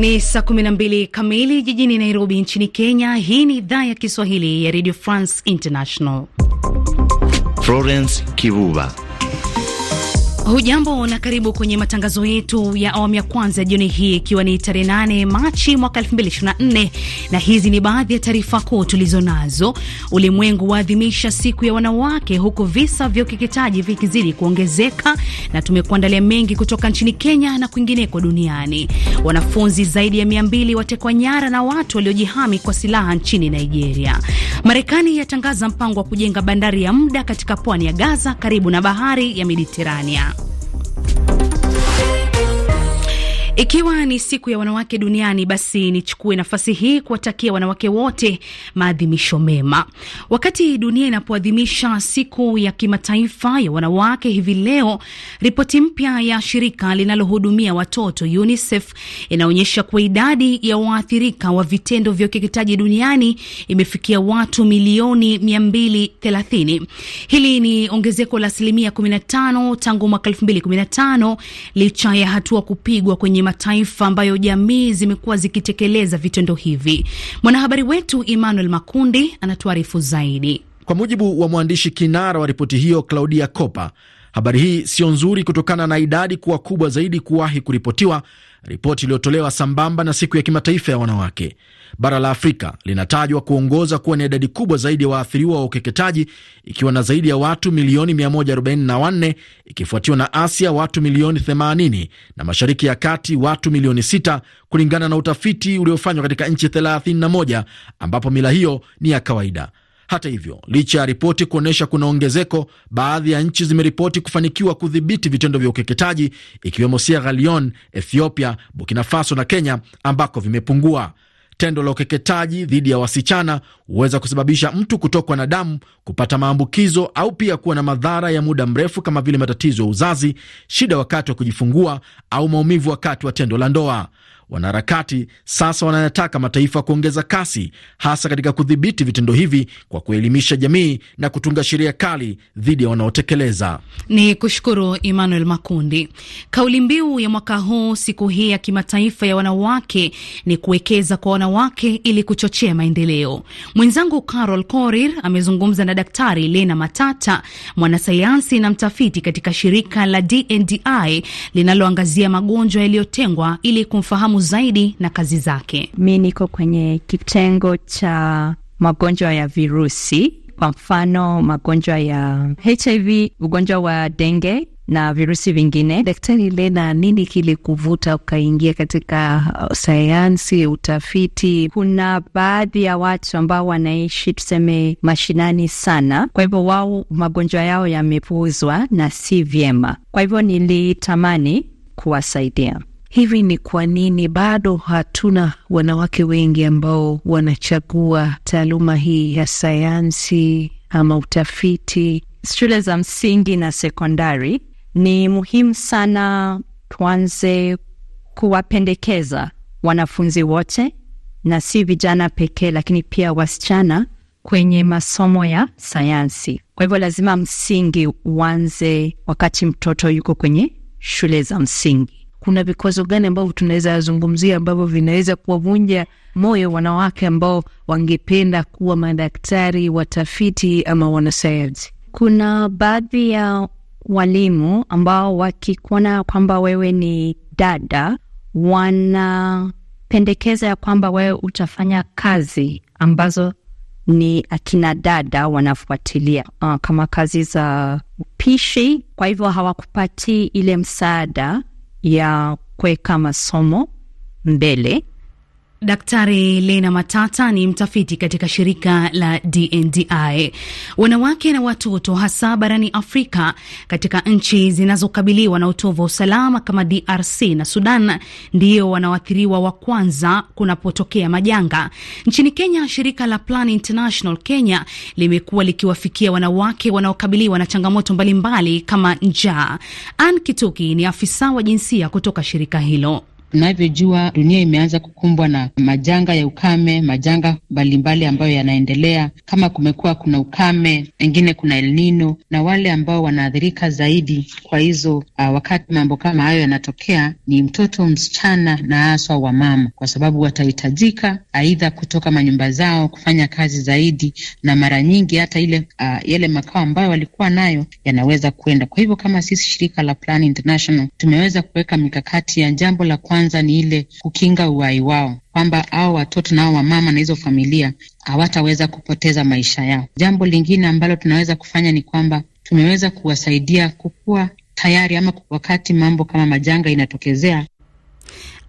Ni saa 12 kamili jijini Nairobi nchini Kenya. Hii ni idhaa ya Kiswahili ya Radio France International. Florence Kivuva Hujambo na karibu kwenye matangazo yetu ya awamu ya kwanza jioni hii, ikiwa ni tarehe 8 Machi mwaka 2024, na hizi ni baadhi ya taarifa kuu tulizo nazo. Ulimwengu waadhimisha siku ya wanawake, huku visa vya ukeketaji vikizidi kuongezeka, na tumekuandalia mengi kutoka nchini Kenya na kwingineko duniani. Wanafunzi zaidi ya mbili watekwa nyara na watu waliojihami kwa silaha nchini Nigeria. Marekani yatangaza mpango wa kujenga bandari ya muda katika pwani ya Gaza karibu na bahari ya Mediterania. Ikiwa ni siku ya wanawake duniani, basi nichukue nafasi hii kuwatakia wanawake wote maadhimisho mema. Wakati dunia inapoadhimisha siku ya kimataifa ya wanawake hivi leo, ripoti mpya ya shirika linalohudumia watoto UNICEF inaonyesha kuwa idadi ya waathirika wa vitendo vya ukeketaji duniani imefikia watu milioni 230. Hili ni ongezeko la asilimia 15 tangu mwaka 2015 licha ya hatua kupigwa kwenye mataifa ambayo jamii zimekuwa zikitekeleza vitendo hivi. Mwanahabari wetu Emmanuel Makundi anatuarifu zaidi. Kwa mujibu wa mwandishi kinara wa ripoti hiyo Claudia Kopa, habari hii sio nzuri kutokana na idadi kuwa kubwa zaidi kuwahi kuripotiwa ripoti iliyotolewa sambamba na siku ya kimataifa ya wanawake. Bara la Afrika linatajwa kuongoza kuwa na idadi kubwa zaidi ya waathiriwa wa ukeketaji ikiwa na zaidi ya watu milioni 144 ikifuatiwa na Asia watu milioni 80 na Mashariki ya Kati watu milioni 6 kulingana na utafiti uliofanywa katika nchi 31 ambapo mila hiyo ni ya kawaida. Hata hivyo, licha ya ripoti kuonyesha kuna ongezeko, baadhi ya nchi zimeripoti kufanikiwa kudhibiti vitendo vya ukeketaji, ikiwemo Sierra Leone, Ethiopia, Burkina Faso na Kenya, ambako vimepungua. Tendo la ukeketaji dhidi ya wasichana huweza kusababisha mtu kutokwa na damu, kupata maambukizo au pia kuwa na madhara ya muda mrefu kama vile matatizo ya uzazi, shida wakati wa kujifungua au maumivu wakati wa tendo la ndoa. Wanaharakati sasa wanayataka mataifa kuongeza kasi, hasa katika kudhibiti vitendo hivi kwa kuelimisha jamii na kutunga sheria kali dhidi ya wanaotekeleza. Ni kushukuru Emmanuel Makundi. Kauli mbiu ya mwaka huu siku hii ya kimataifa ya wanawake ni kuwekeza kwa wanawake ili kuchochea maendeleo. Mwenzangu Carol Korir amezungumza na Daktari Lena Matata, mwanasayansi na mtafiti katika shirika la DNDi linaloangazia magonjwa yaliyotengwa ili kumfahamu zaidi na kazi zake. Mi niko kwenye kitengo cha magonjwa ya virusi, kwa mfano magonjwa ya HIV, ugonjwa wa denge na virusi vingine. Daktari Lena, nini kilikuvuta ukaingia katika uh, sayansi utafiti? Kuna baadhi ya watu ambao wanaishi tuseme mashinani sana, kwa hivyo wao magonjwa yao yamepuuzwa na si vyema, kwa hivyo nilitamani kuwasaidia. Hivi ni kwa nini bado hatuna wanawake wengi ambao wanachagua taaluma hii ya sayansi ama utafiti? Shule za msingi na sekondari, ni muhimu sana tuanze kuwapendekeza wanafunzi wote na si vijana pekee, lakini pia wasichana kwenye masomo ya sayansi. Kwa hivyo lazima msingi uanze wakati mtoto yuko kwenye shule za msingi kuna vikwazo gani ambavyo tunaweza zungumzia ambavyo vinaweza kuwavunja moyo wanawake ambao wangependa kuwa madaktari, watafiti ama wanasayansi? Kuna baadhi ya walimu ambao wakikuona kwamba wewe ni dada, wanapendekeza ya kwamba wewe utafanya kazi ambazo ni akina dada wanafuatilia, uh, kama kazi za upishi. Kwa hivyo hawakupati ile msaada ya kuweka masomo mbele Daktari Lena Matata ni mtafiti katika shirika la DNDi. Wanawake na watoto hasa barani Afrika katika nchi zinazokabiliwa na utovu wa usalama kama DRC na Sudan ndiyo wanaoathiriwa wa kwanza kunapotokea majanga. Nchini Kenya, shirika la Plan International Kenya limekuwa likiwafikia wanawake wanaokabiliwa na changamoto mbalimbali mbali kama njaa. Ann Kituki ni afisa wa jinsia kutoka shirika hilo. Tunavyojua dunia imeanza kukumbwa na majanga ya ukame, majanga mbalimbali ambayo yanaendelea. Kama kumekuwa kuna ukame, pengine kuna El Nino, na wale ambao wanaathirika zaidi kwa hizo uh, wakati mambo kama hayo yanatokea ni mtoto msichana na haswa wa mama, kwa sababu watahitajika aidha kutoka manyumba zao kufanya kazi zaidi, na mara nyingi hata ile uh, yale makao ambayo walikuwa nayo yanaweza kwenda. Kwa hivyo kama sisi shirika la Plan International tumeweza kuweka mikakati ya jambo la kwanza kwanza ni ile kukinga uhai wao, kwamba hao watoto nao wamama na hizo familia hawataweza kupoteza maisha yao. Jambo lingine ambalo tunaweza kufanya ni kwamba tumeweza kuwasaidia kukua tayari ama wakati mambo kama majanga inatokezea,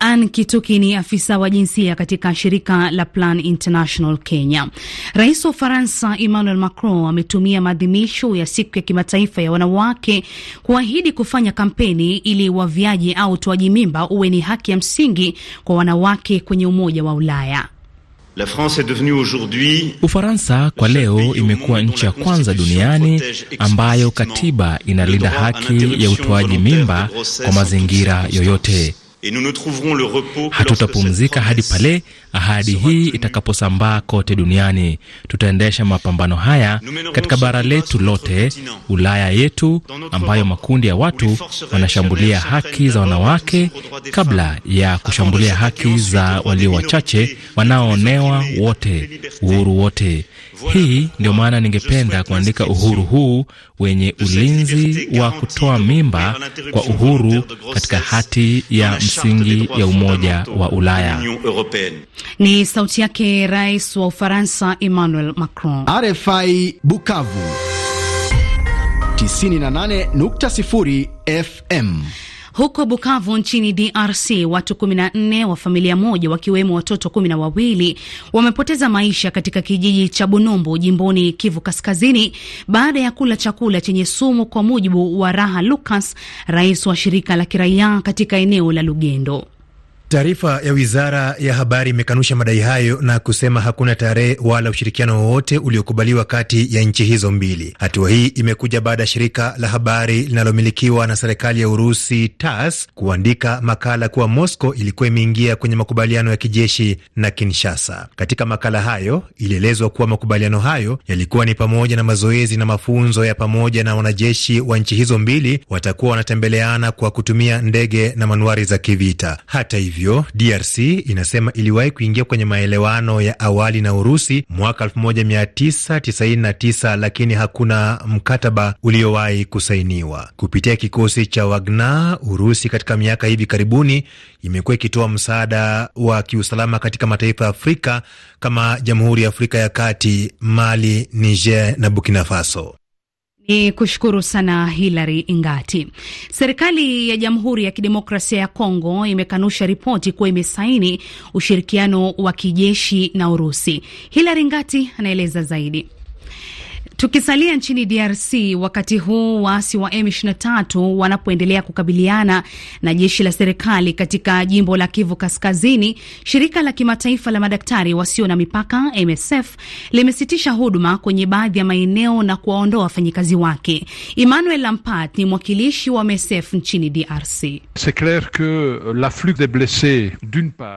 Ann Kituki ni afisa wa jinsia katika shirika la Plan International Kenya. Rais wa ufaransa Emmanuel Macron ametumia maadhimisho ya siku ya kimataifa ya wanawake kuahidi kufanya kampeni ili waviaji au utoaji mimba uwe ni haki ya msingi kwa wanawake kwenye Umoja wa Ulaya. La France est devenue aujourd'hui Ufaransa kwa leo imekuwa nchi ya kwanza duniani ambayo katiba inalinda haki ya utoaji mimba kwa mazingira yoyote. Hatutapumzika hadi pale ahadi hii itakaposambaa kote duniani. Tutaendesha mapambano haya katika bara letu lote, Ulaya yetu ambayo makundi ya watu wanashambulia haki za wanawake kabla ya kushambulia haki za walio wachache wanaoonewa wote, uhuru wote. Hii ndio maana ningependa kuandika uhuru huu wenye ulinzi wa kutoa mimba kwa uhuru katika hati ya msingi ya Umoja wa Ulaya. Ni sauti yake Rais wa Ufaransa Emmanuel Macron. RFI Bukavu 98.0 FM. Huko Bukavu nchini DRC, watu 14 wa familia moja wakiwemo watoto kumi na wawili wamepoteza maisha katika kijiji cha Bunombo jimboni Kivu Kaskazini baada ya kula chakula chenye sumu, kwa mujibu wa Raha Lucas, rais wa shirika la kiraia katika eneo la Lugendo. Taarifa ya wizara ya habari imekanusha madai hayo na kusema hakuna tarehe wala ushirikiano wowote uliokubaliwa kati ya nchi hizo mbili. Hatua hii imekuja baada ya shirika la habari linalomilikiwa na serikali ya Urusi, tas kuandika makala kuwa mosco ilikuwa imeingia kwenye makubaliano ya kijeshi na Kinshasa. Katika makala hayo, ilielezwa kuwa makubaliano hayo yalikuwa ni pamoja na mazoezi na mafunzo ya pamoja, na wanajeshi wa nchi hizo mbili watakuwa wanatembeleana kwa kutumia ndege na manuari za kivita. Hata hivyo hivyo, DRC inasema iliwahi kuingia kwenye maelewano ya awali na Urusi mwaka 1999 lakini hakuna mkataba uliowahi kusainiwa. Kupitia kikosi cha Wagner, Urusi katika miaka hivi karibuni imekuwa ikitoa msaada wa kiusalama katika mataifa ya Afrika kama Jamhuri ya Afrika ya Kati, Mali, Niger na Burkina Faso. Ni kushukuru sana Hilary Ingati. Serikali ya Jamhuri ya Kidemokrasia ya Kongo imekanusha ripoti kuwa imesaini ushirikiano wa kijeshi na Urusi. Hilary Ngati anaeleza zaidi. Tukisalia nchini DRC wakati huu waasi wa M23 wanapoendelea kukabiliana na jeshi la serikali katika jimbo la Kivu Kaskazini, shirika la kimataifa la madaktari wasio na mipaka MSF limesitisha huduma kwenye baadhi ya maeneo na kuwaondoa wafanyikazi wake. Emmanuel Lampat ni mwakilishi wa MSF nchini DRC.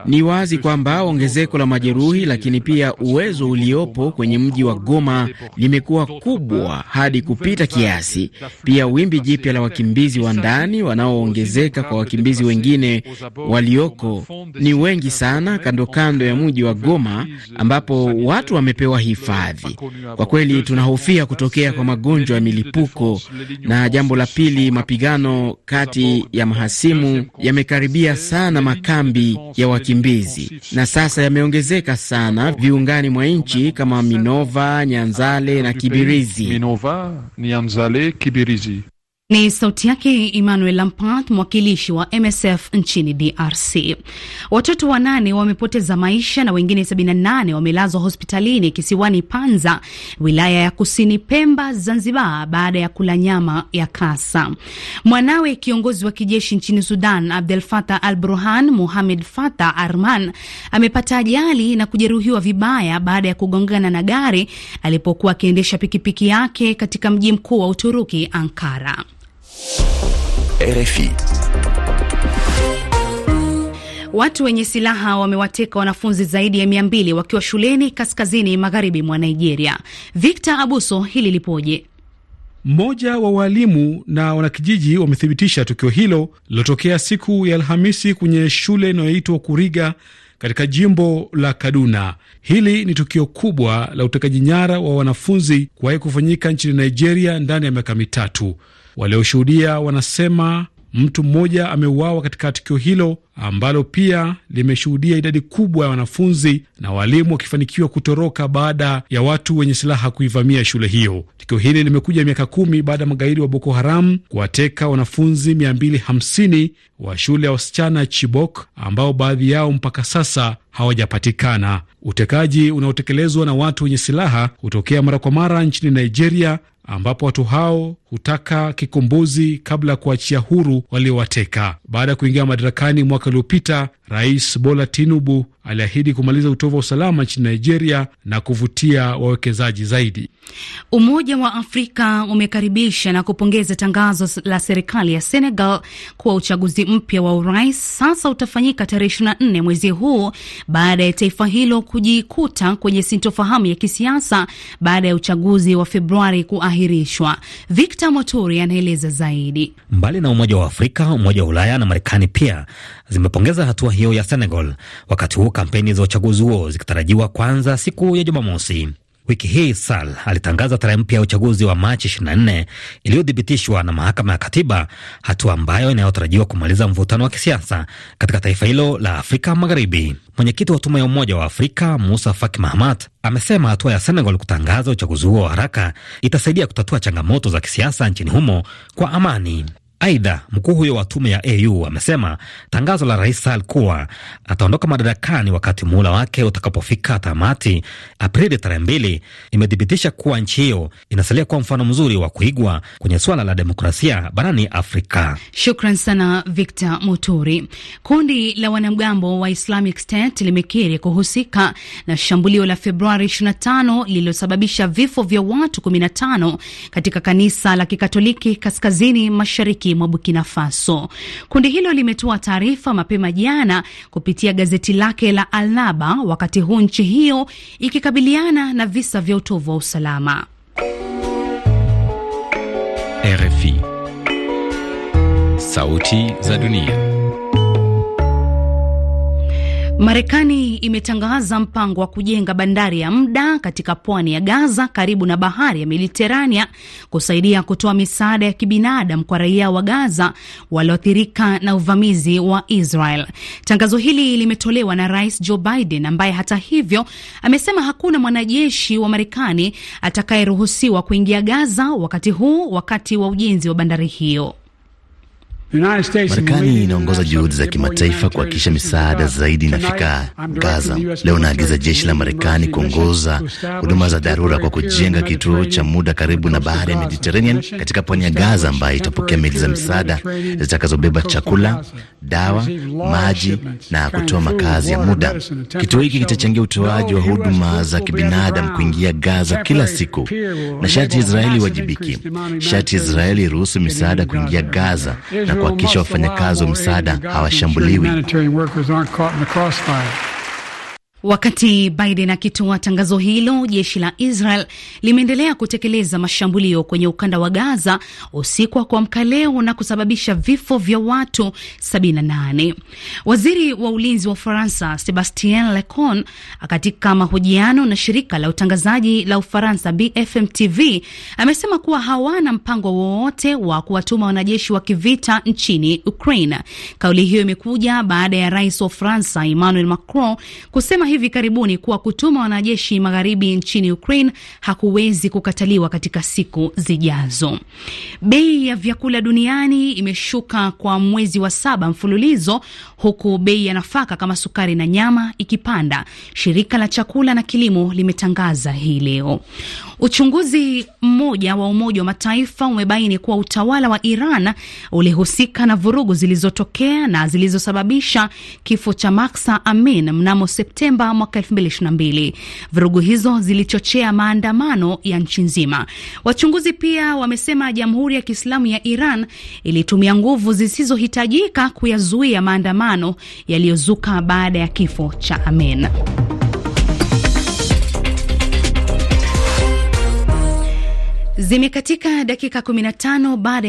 Ni wazi kwamba ongezeko la majeruhi, lakini pia uwezo uliopo kwenye mji wa Goma limekuwa kubwa hadi kupita kiasi. Pia wimbi jipya la wakimbizi wa ndani wanaoongezeka kwa wakimbizi wengine walioko ni wengi sana, kando kando ya mji wa Goma ambapo watu wamepewa hifadhi. Kwa kweli tunahofia kutokea kwa magonjwa ya milipuko. Na jambo la pili, mapigano kati ya mahasimu yamekaribia sana makambi ya wakimbizi na sasa yameongezeka sana viungani mwa nchi kama Minova, Nyanzale na Kibiru. Kibirizi. Minova, Nyanzale, Kibirizi. Ni sauti yake Emmanuel Lampart, mwakilishi wa MSF nchini DRC. Watoto wanane wamepoteza maisha na wengine 78 wamelazwa hospitalini kisiwani Panza, wilaya ya kusini Pemba, Zanzibar, baada ya kula nyama ya kasa. Mwanawe kiongozi wa kijeshi nchini Sudan, Abdel Fatah Al Burhan, Muhamed Fatah Arman, amepata ajali na kujeruhiwa vibaya baada ya kugongana na gari alipokuwa akiendesha pikipiki yake katika mji mkuu wa Uturuki, Ankara. RFI. Watu wenye silaha wamewateka wanafunzi zaidi ya mia mbili wakiwa shuleni kaskazini magharibi mwa Nigeria. Victor Abuso, hili lipoje? Mmoja wa waalimu na wanakijiji wamethibitisha tukio hilo lilotokea siku ya Alhamisi kwenye shule inayoitwa Kuriga katika jimbo la Kaduna. Hili ni tukio kubwa la utekaji nyara wa wanafunzi kuwahi kufanyika nchini Nigeria ndani ya miaka mitatu. Walioshuhudia wanasema mtu mmoja ameuawa katika tukio hilo ambalo pia limeshuhudia idadi kubwa ya wanafunzi na walimu wakifanikiwa kutoroka baada ya watu wenye silaha kuivamia shule hiyo. Tukio hili limekuja miaka kumi baada ya magaidi wa Boko Haram kuwateka wanafunzi 250 wa shule ya wasichana Chibok, ambao baadhi yao mpaka sasa hawajapatikana. Utekaji unaotekelezwa na watu wenye silaha hutokea mara kwa mara nchini Nigeria, ambapo watu hao hutaka kikombozi kabla ya kuachia huru waliowateka baada ya kuingia madarakani mwaka uliopita Rais Bola Tinubu aliahidi kumaliza utovu wa usalama nchini Nigeria na kuvutia wawekezaji zaidi. Umoja wa Afrika umekaribisha na kupongeza tangazo la serikali ya Senegal kuwa uchaguzi mpya wa urais sasa utafanyika tarehe 24 mwezi huu baada ya taifa hilo kujikuta kwenye sintofahamu ya kisiasa baada ya uchaguzi wa Februari kuahirishwa. Victor Moturi anaeleza zaidi. Mbali na Umoja wa Afrika, Umoja wa Ulaya na Marekani pia zimepongeza hatua hiyo ya Senegal, wakati huu kampeni za uchaguzi huo zikitarajiwa kwanza siku ya Jumamosi. Wiki hii Sal alitangaza tarehe mpya ya uchaguzi wa Machi 24 iliyothibitishwa na mahakama ya katiba, hatua ambayo inayotarajiwa kumaliza mvutano wa kisiasa katika taifa hilo la Afrika Magharibi. Mwenyekiti wa tume ya Umoja wa Afrika Musa Faki Mahamat amesema hatua ya Senegal kutangaza uchaguzi huo wa haraka itasaidia kutatua changamoto za kisiasa nchini humo kwa amani. Aidha, mkuu huyo wa tume ya AU amesema tangazo la rais Sall kuwa ataondoka madarakani wakati muhula wake utakapofika tamati Aprili tarehe mbili imethibitisha kuwa nchi hiyo inasalia kuwa mfano mzuri wa kuigwa kwenye suala la demokrasia barani Afrika. Shukran sana Victor Muturi. Kundi la wanamgambo wa Islamic State limekiri kuhusika na shambulio la Februari 25 lililosababisha vifo vya watu 15 katika kanisa la Kikatoliki kaskazini mashariki mashariki mwa Burkina Faso. Kundi hilo limetoa taarifa mapema jana kupitia gazeti lake la Alnaba, wakati huu nchi hiyo ikikabiliana na visa vya utovu wa usalama. RFI, sauti za dunia. Marekani imetangaza mpango wa kujenga bandari ya muda katika pwani ya Gaza karibu na bahari ya Mediterania kusaidia kutoa misaada ya kibinadamu kwa raia wa Gaza walioathirika na uvamizi wa Israel. Tangazo hili limetolewa na Rais Joe Biden ambaye hata hivyo amesema hakuna mwanajeshi wa Marekani atakayeruhusiwa kuingia Gaza wakati huu wakati wa ujenzi wa bandari hiyo. Marekani inaongoza juhudi za kimataifa kuhakikisha misaada zaidi inafika Gaza. Leo naagiza jeshi la Marekani kuongoza huduma za dharura kwa kujenga kituo cha muda karibu na bahari ya Mediterranean katika pwani ya Gaza, ambayo itapokea meli za misaada zitakazobeba chakula, dawa, maji na kutoa makazi ya muda. Kituo hiki kitachangia utoaji wa huduma za kibinadamu kuingia Gaza kila siku, na sharti Israeli wajibiki Sharti Israeli iruhusu misaada kuingia Gaza na kuhakikisha wafanyakazi wa msaada hawashambuliwi. Wakati Biden akitoa tangazo hilo, jeshi la Israel limeendelea kutekeleza mashambulio kwenye ukanda wa Gaza usiku wa kuamka leo na kusababisha vifo vya watu 78. Waziri wa ulinzi wa Ufaransa Sebastien Lecornu, katika mahojiano na shirika la utangazaji la Ufaransa BFM TV, amesema kuwa hawana mpango wowote wa kuwatuma wanajeshi wa kivita nchini Ukraine. Kauli hiyo imekuja baada ya rais wa Ufaransa Emmanuel Macron kusema hivi karibuni kuwa kutuma wanajeshi magharibi nchini Ukraine hakuwezi kukataliwa katika siku zijazo. Bei ya vyakula duniani imeshuka kwa mwezi wa saba mfululizo, huku bei ya nafaka kama sukari na nyama ikipanda. Shirika la chakula na kilimo limetangaza hii leo. Uchunguzi mmoja wa Umoja wa Mataifa umebaini kuwa utawala wa Iran ulihusika na vurugu zilizotokea na zilizosababisha kifo cha Maksa amin mnamo Septemba Novemba mwaka 2022. Vurugu hizo zilichochea maandamano ya nchi nzima. Wachunguzi pia wamesema Jamhuri ya Kiislamu ya Iran ilitumia nguvu zisizohitajika kuyazuia maandamano yaliyozuka baada ya kifo cha Amin. Zimekatika dakika 15 baada